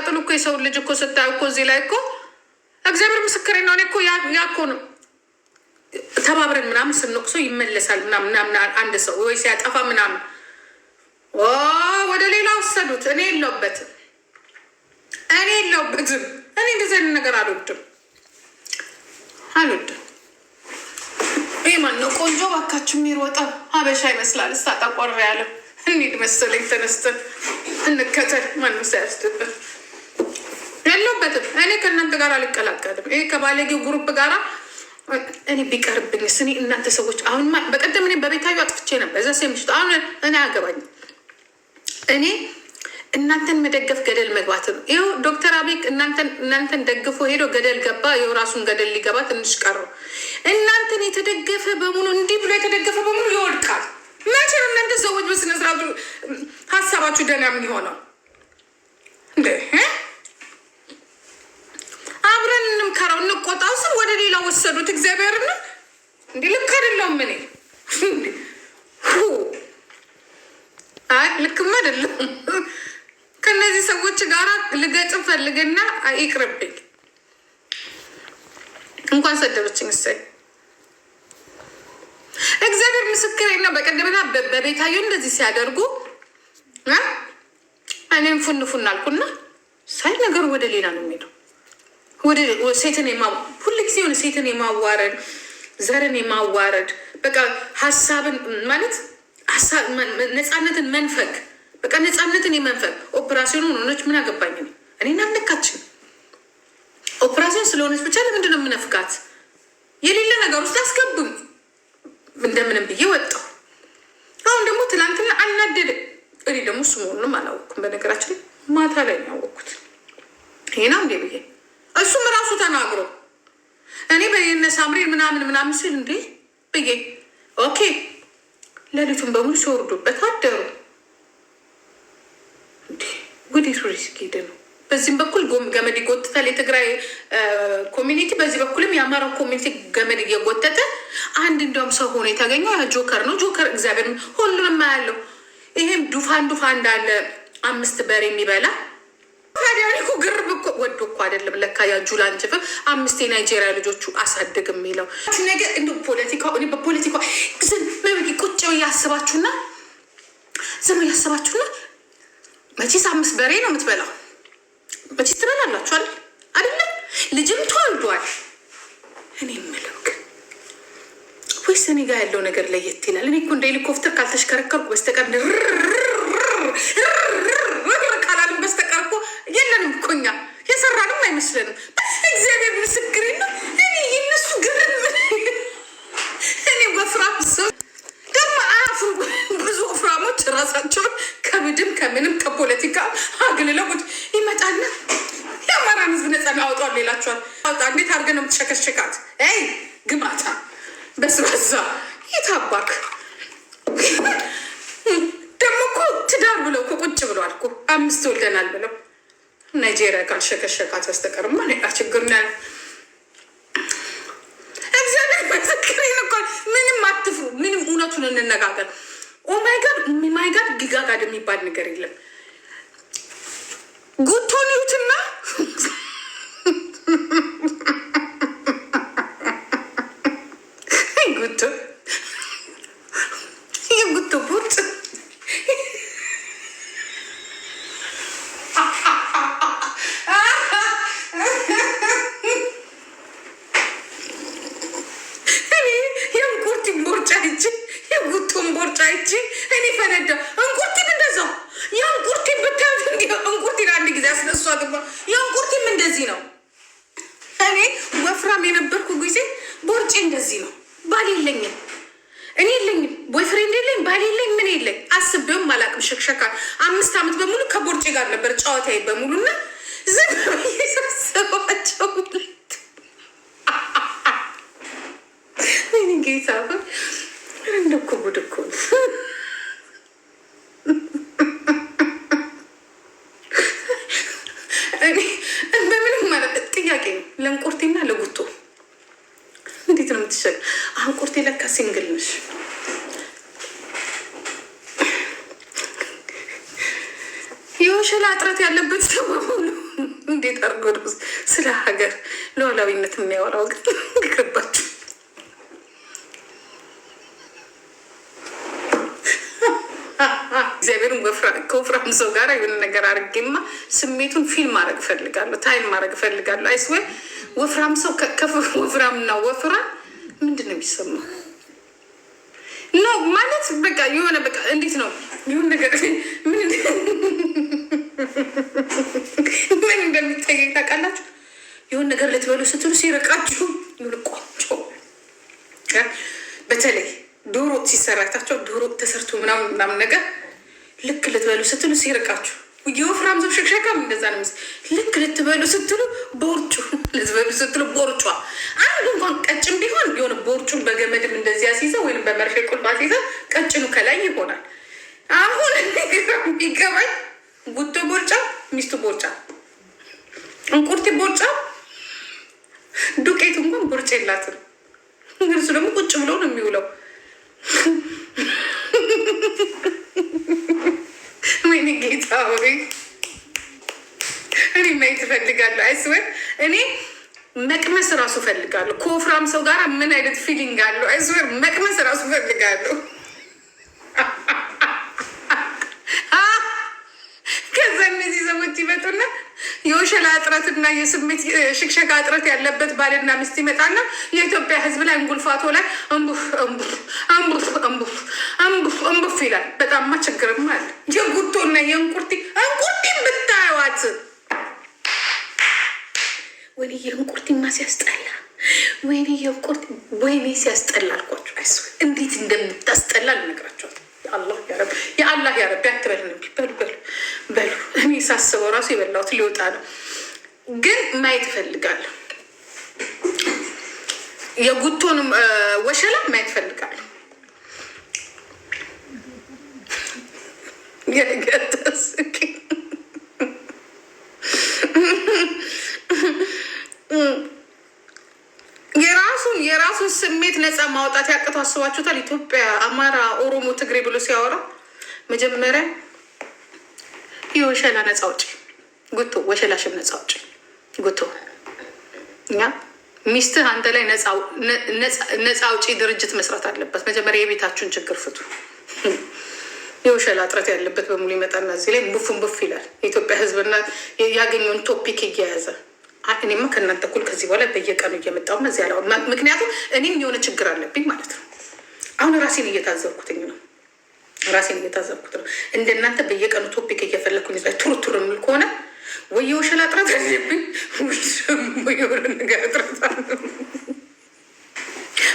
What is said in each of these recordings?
ስትቃጥሉ እኮ የሰው ልጅ እኮ ስታዩ እኮ እዚህ ላይ እኮ እግዚአብሔር ምስክሬ ነው። እኔ እኮ ያ እኮ ነው ተባብረን ምናምን ስንቅሶ ይመለሳል ምናምን አንድ ሰው ወይ ሲያጠፋ ምናምን ወደ ሌላ ወሰዱት። እኔ የለውበትም፣ እኔ የለውበትም። እኔ እንደዚህ አይነት ነገር አልወድም አልወድም። ይህ ማነው ቆንጆ ባካችሁ የሚሮጠው ሀበሻ ይመስላል። እስታ ጠቆር ያለው እንሂድ መሰለኝ። ተነስተን እንከተል። ማንም ሳያስደብር የለበትም። እኔ ከእናንተ ጋር አልቀላቀልም። ይሄ ከባለጌ ጉሩፕ ጋር እኔ ቢቀርብኝ ስኒ እናንተ ሰዎች አሁን በቀደም እኔ በቤታዩ አጥፍቼ ነበር እዛ ምሽት አሁን እኔ አገባኝ እኔ እናንተን መደገፍ ገደል መግባት ነው። ይኸው ዶክተር አብይ እናንተን ደግፎ ሄዶ ገደል ገባ። ይኸው ራሱን ገደል ሊገባ ትንሽ ቀረው። እናንተን የተደገፈ በሙሉ እንዲህ ብሎ የተደገፈ በሙሉ ይወድቃል። መቼ ነው እናንተ ሰዎች በስነስርዓቱ ሀሳባችሁ ደህና የሚሆነው እንዴ? እንምከረው እንቆጣው ስል ወደ ሌላ ወሰዱት። እግዚአብሔርና እንዲ ልክ አይደለሁም እኔ ልክም አይደለም። ከእነዚህ ሰዎች ጋር ልገጭ ፈልግና ይቅርብኝ። እንኳን ሰደበችኝ። እሰይ እግዚአብሔር ምስክር ነው። በቀደምና በቤታዩ እንደዚህ ሲያደርጉ እኔም ፉን ፉን አልኩና ሳይ ነገሩ ወደ ሌላ ነው የሚሄደው ሴትን ጊዜ የሆነ ሴትን የማዋረድ ዘርን የማዋረድ በቃ ሀሳብን ማለት ነፃነትን መንፈግ በቃ ነፃነትን የመንፈግ ኦፕራሲዮን ሆነች ምን አገባኝ ነው እኔና አልነካችን ኦፕራሲዮን ስለሆነች ብቻ ለምንድን ነው የምነፍጋት? የሌለ ነገር ውስጥ አስገቡኝ። እንደምንም ብዬ ወጣው አሁን ደግሞ ትላንትና አናደደ። እኔ ደግሞ እሱ መሆኑንም አላወቅኩም። በነገራችን ማታ ላይ ነው ያወቅኩት። ይሄ ነው እንዴ ብዬ እሱም ራሱ ተናግሮ እኔ በየነ ሳምሬን ምናምን ምናምን ስል እንዴ ብዬ ኦኬ፣ ሌሊቱን በሙሉ ሲወርዱበት አደሩ። ጉዴቱ ሪስክ ሄደ ነው። በዚህም በኩል ገመድ ይጎትታል የትግራይ ኮሚኒቲ፣ በዚህ በኩልም የአማራው ኮሚኒቲ ገመድ እየጎተተ አንድ እንደውም ሰው ሆኖ የተገኘው ጆከር ነው። ጆከር እግዚአብሔር ሁሉንም አያለው። ይሄም ዱፋን ዱፋ እንዳለ አምስት በሬ የሚበላ ታዲያ እኮ ግርብ እኮ ወዶ እኮ አይደለም ለካ ያ ጁላን ጅብ አምስት የናይጄሪያ ልጆቹ አሳድግ የሚለው ነገር እንዲ ፖለቲካ በፖለቲካ ዝም ቁጭ እያስባችሁና ዝም እያስባችሁና መቼስ አምስት በሬ ነው የምትበላው። መቼስ ትበላላችሁ አይደል አይደለም ልጅም ተወልዷል። እኔ የምለው ግን ወይስ እኔ ጋር ያለው ነገር ለየት ይላል። እኔ እኮ እንደ ሄሊኮፕተር ካልተሽከረከርኩ በስተቀር አይመስለንም። እግዚአብሔር ምስክሬ ነው። እኔ የነሱ ግርን ምን እኔ ወፍራም ሰው ደግሞ አፍ ብዙ ወፍራሞች ራሳቸውን ከምድም ከምንም ከፖለቲካ አግልለው ይመጣና የአማራን ህዝብ ነጻ አውጧል ይላቸዋል። አውጣ እንዴት አድርገህ ነው የምትሸከሸካት? ይ ግማታ በስባዛ የታባክ ደግሞ እኮ ትዳር ብለው እኮ ቁጭ ብለዋል እኮ አምስት ወልደናል ብለው ናይጄሪያ ካልሸከሸካት በስተቀርማ ሌላ ችግር ነው ያለው። እግዚአብሔር ምስክሬን እኮ ምንም አትፍሩ፣ ምንም እውነቱን እንነጋገር። ኦማይጋድ ማይጋድ ጊጋጋድ የሚባል ነገር የለም። ጉቶን ሀብታም የነበርኩ ጊዜ ቦርጬ እንደዚህ ነው። ባል የለኝም፣ እኔ የለኝም፣ ቦይፍሬንድ የለኝ፣ ባል የለኝ፣ ምን የለኝ፣ አስቤውም አላቅም። ሸክሸካ አምስት ዓመት በሙሉ ከቦርጬ ጋር ነበር ጨዋታዬ በሙሉ እና ዝም የሳሰባቸው ጌታ እንደኮ ጉድ እኮ መውጣት ያለበት ሰው በሙሉ እንዴት አድርጎ ስለ ሀገር ሉዓላዊነት የሚያወራው ግን ይቅርባችሁ። እግዚአብሔርን ከወፍራም ሰው ጋር የሆነ ነገር አድርጌማ ስሜቱን ፊልም ማድረግ እፈልጋለሁ፣ ታይም ማድረግ እፈልጋለሁ። አይስወይ ወፍራም ሰው ወፍራም እና ወፍራ ምንድን ነው የሚሰማው? ኖ ማለት በቃ የሆነ በቃ እንዴት ነው ይሁን ነገር ምን ምን እንደሚጠየቅ ታውቃላችሁ? የሆነ ነገር ልትበሉ ስትሉ ሲርቃችሁ የሆነ በተለይ ዶሮ ሲሰራታቸው ዶሮ ተሰርቶ ምናምን ምናምን ነገር ልክ ልትበሉ ስትሉ ሲርቃችሁ የወፍራም ዘብ ሽክሸካም እንደዛ ነው። ልክ ልትበሉ ስትሉ ቦርጩ ልትበሉ ስትሉ ቦርጯ አንዱ እንኳን ቀጭን ቢሆን የሆነ ቦርጩን በገመድም እንደዚህ አስይዘው ወይም በመርፌ ቁልፍ አስይዘው ቀጭኑ ከላይ ይሆናል። አሁን ሚገባኝ ጉቶ ቦርጫ፣ ሚስቱ ቦርጫ፣ እንቁርቲ ቦርጫ፣ ዱቄት እንኳን ቦርጭ የላትም። እርሱ ደግሞ ቁጭ ብሎ ነው የሚውለው። ወይኔ ጌታ ወይ እኔ ማየት እፈልጋለሁ። አይስወን እኔ መቅመስ እራሱ እፈልጋለሁ። ከወፍራም ሰው ጋር ምን አይነት ፊሊንግ አለው? አይስወን መቅመስ እራሱ እፈልጋለሁ። ከዛ እነዚህ ሰዎች ይመጡና የወሸላ እጥረትና የስሜት ሽክሸካ እጥረት ያለበት ባልና ሚስት ይመጣና የኢትዮጵያ ሕዝብ ላይ እንጉልፋቶ ላይ እንቡፍ እንቡፍ እንቡፍ እንቡፍ እንቡፍ እንቡፍ ይላል። በጣምማ ችግርም አለ። የጉቶና የእንቁርቲ እንቁርቲ ብታዩዋት ወይኔ የእንቁርቲማ ሲያስጠላ ወይኔ የእንቁርቲ ወይኔ ሲያስጠላ አልኳቸው። እንዴት እንደምታስጠላ ልነግራቸዋል። አላህ ያረብ የአላህ ያረብ ያክበልን። ነው። በሉ በሉ በሉ። እኔ ሳስበው ራሱ የበላሁት ሊወጣ ነው፣ ግን ማየት ይፈልጋል። የጉቶን ወሸላ ማየት ይፈልጋል። የነገር ማውጣት ያቅቶ አስባችሁታል? ኢትዮጵያ፣ አማራ፣ ኦሮሞ፣ ትግሬ ብሎ ሲያወራ መጀመሪያ የወሸላ ነፃ ውጪ ጉቶ ወሸላሽም ነፃ ውጪ ጉቶ እኛ ሚስትህ አንተ ላይ ነፃ አውጪ ድርጅት መስራት አለበት። መጀመሪያ የቤታችሁን ችግር ፍቱ። የውሸላ እጥረት ያለበት በሙሉ ይመጣና እዚህ ላይ ቡፍን ቡፍ ይላል። የኢትዮጵያ ሕዝብና ያገኘውን ቶፒክ እየያዘ እኔማ ከእናንተ እኩል ከዚህ በኋላ በየቀኑ እየመጣሁ እዚህ ያለው ምክንያቱም እኔም የሆነ ችግር አለብኝ ማለት ነው። አሁን ራሴን እየታዘብኩትኝ ነው ራሴን እየታዘብኩት ነው። እንደናንተ በየቀኑ ቶፒክ እየፈለግኩኝ ላይ ቱርቱር የምል ከሆነ ወይ የወሸላ እጥረት አለብኝ ወይ የሆነ ነገር እጥረት አለ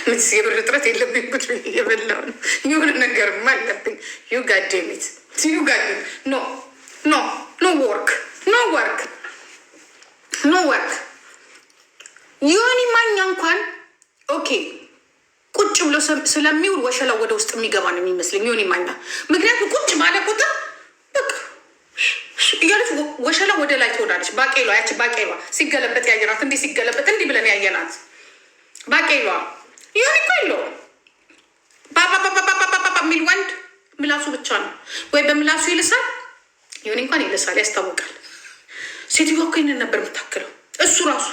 ምስ የብር እጥረት የለብኝ ብ የበላው ነው የሆነ ነገር አለብኝ። ዩ ጋዴሚት ዩ ጋዴ ኖ ኖ ኖ ወርክ ኖ ወርክ ኖ ወርክ ዮኒ ማኛ እንኳን ኦኬ ቁጭ ብሎ ስለሚውል ወሸላው ወደ ውስጥ የሚገባ ነው የሚመስለኝ ዮኒ ማኛ። ምክንያቱም ቁጭ ባለ ቁጥር እያለች ወሸላ ወደ ላይ ትወዳለች። ባቄሏ ያች ባቄሏ ሲገለበጥ ያየናት እንዲህ ሲገለበጥ እንዲህ ብለን ያየናት ባቄሏ ዮኒ እኮ የለውም የሚል ወንድ ምላሱ ብቻ ነው ወይ በምላሱ ይልሳል ዮኒ እንኳን ይልሳል፣ ያስታውቃል ሴትዮዋ እኮ ይህንን ነበር የምታክለው። እሱ ራሱ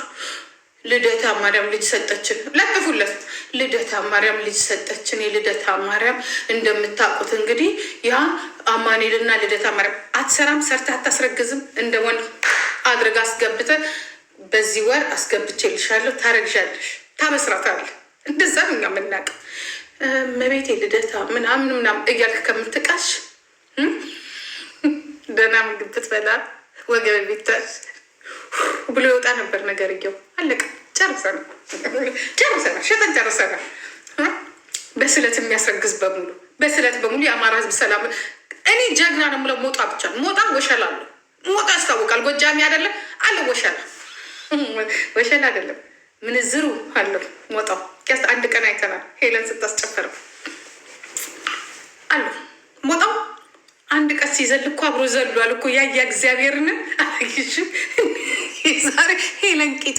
ልደታ ማርያም ልጅ ሰጠችን፣ ለጥፉለት። ልደታ ማርያም ልጅ ሰጠችን። የልደታ ማርያም እንደምታውቁት እንግዲህ ያ አማኑኤልና ልደታ ማርያም አትሰራም፣ ሰርታ አታስረግዝም። እንደ ወንድ አድርግ አስገብተ በዚህ ወር አስገብቼልሻለሁ፣ ታረግዣለሽ፣ ታበስራታለህ። እንደዛ እኛ የምናውቅ መቤቴ ልደታ ምናምን ምናምን እያልክ ከምትቃሽ ደህና ምግብ ትበላለህ። ወገብ ቢታል ብሎ የወጣ ነበር። ነገር እየው አለቀ። ጨርሰናል፣ ጨርሰናል፣ ሸጠን ጨርሰናል። በስለት የሚያስረግዝ በሙሉ በስለት በሙሉ የአማራ ህዝብ ሰላም እኔ ጀግና ነው የምለው ሞጣ ብቻ ሞጣ ወሸላ አለ ሞጣ ያስታውቃል። ጎጃሚ አይደለም አለ ወሸላ ወሸላ አይደለም ምንዝሩ አለው ሞጣው ቂያስ አንድ ቀን አይተናል ሄለን ስታስጨፈረው አለው ሞጣው አንድ ቀስ ይዘል እኮ አብሮ ዘሏል እኮ ያያ እግዚአብሔርን ዛሬ ሄለን ቂጦ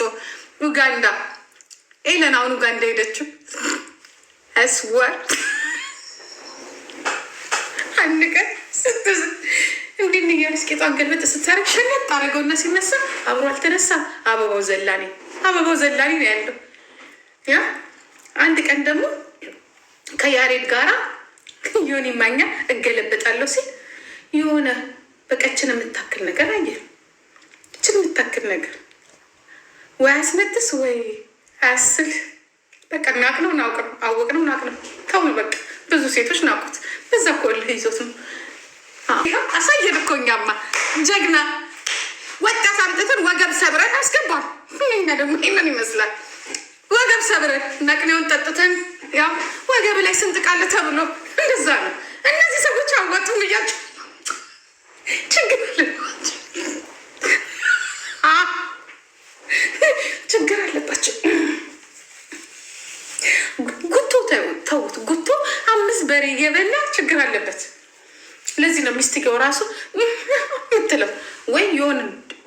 ኡጋንዳ ሄለን አሁን ኡጋንዳ ሄደችው። እስወር አንድ ቀን እንዲህ ንየርስ ቂጧን ገልበጥ ስታረግ ሸለጥ አረገውና ሲነሳ አብሮ አልተነሳም። አበባው ዘላኔ አበባው ዘላኔ ነው ያለው። ያ አንድ ቀን ደግሞ ከያሬድ ጋራ ዮኒ ማኛ እገለበጣለሁ ሲል የሆነ በቀችን የምታክል ነገር አየ እችን የምታክል ነገር ወይ አስመጥስ ወይ አያስል በቃ ናቅ ነው ናቅ ነው አወቅ ነው ናቅ ነው ተው በቃ ብዙ ሴቶች ናቁት። በዛ ኮል ይዞት ነው አሳየን እኮ እኛማ ጀግና ወጣት አምጥተን ወገብ ሰብረን አስገባል። ኛ ደግሞ ይህንን ይመስላል ወገብ ሰብረን ነቅኔውን ጠጥተን ያው ወገብ ላይ ስንጥቃለ ተብሎ እንደዛ ነው። እነዚህ ሰዎች አወጡም እያቸው ችግር ችግር አለባቸው። ጉቶ ተውት። ጉቶ አምስት በሬ የበላ ችግር አለበት። ለዚህ ነው ሚስትየው ራሱ ምትለው ወይ የሆነ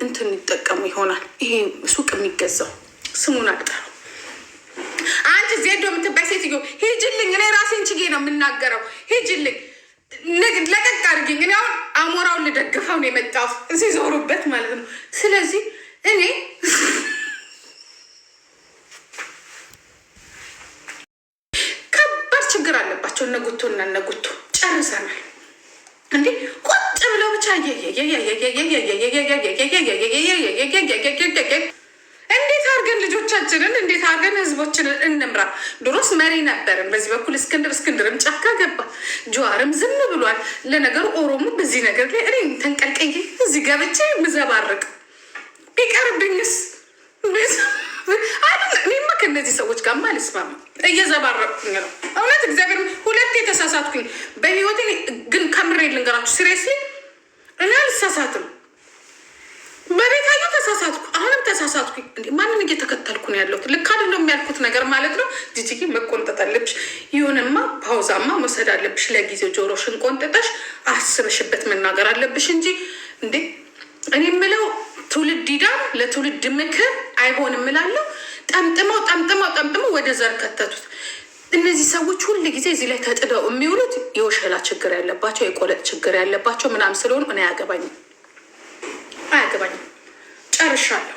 እንትን ይጠቀሙ ይሆናል። ይሄ ሱቅ የሚገዛው ስሙን አልጠራም። አንቺ ዜዶ የምትባይ ሴትዮ ሂጅልኝ፣ እኔ ራሴን ችጌ ነው የምናገረው። ሂጅልኝ ለቀቅ አድርጊኝ። እኔ አሁን አሞራውን ልደግፈው ነው የመጣሁት እዚህ ዞሩበት ማለት ነው። ስለዚህ እኔ ከባድ ችግር አለባቸው እነጉቶ እና እነ ጨርሰናል። እንዴ ቁጭ ብለው ብቻ አድርገን ልጆቻችንን እንዴት አድርገን ህዝቦችንን እንምራ። ድሮስ መሪ ነበርን። በዚህ በኩል እስክንድር እስክንድርም ጫካ ገባ፣ ጀዋርም ዝም ብሏል። ለነገሩ ኦሮሞ በዚህ ነገር ላይ እኔ ተንቀልቀይ እዚህ ገብቼ ምዘባርቅ ቢቀርብኝስ እኔማ ከእነዚህ ሰዎች ጋር ማልስማም እየዘባረኩኝ ነው እውነት እግዚአብሔር ሁለት የተሳሳትኩኝ በህይወቴ ግን ከምሬ ልንገራችሁ፣ ሲሪየስሊ እኔ አልሳሳትም። ተሳሳትኩ፣ ማንን እየተከተልኩ ነው ያለሁት ልክ አይደለም የሚያልኩት ነገር ማለት ነው። ጂጂጊ መቆንጠጥ አለብሽ። ይሁንማ ፓውዛማ መውሰድ አለብሽ። ለጊዜው ጆሮሽን ቆንጥጠሽ አስበሽበት መናገር አለብሽ እንጂ እንዴ እኔ የምለው ትውልድ ይዳን ለትውልድ ምክር አይሆንም እላለሁ። ጠምጥመው ጠምጥመው ጠምጥመው ወደ ዘር ከተቱት። እነዚህ ሰዎች ሁል ጊዜ እዚህ ላይ ተጥደው የሚውሉት የወሸላ ችግር ያለባቸው የቆለጥ ችግር ያለባቸው ምናምን ስለሆኑ እኔ አያገባኝም፣ አያገባኝም። ጨርሻለሁ።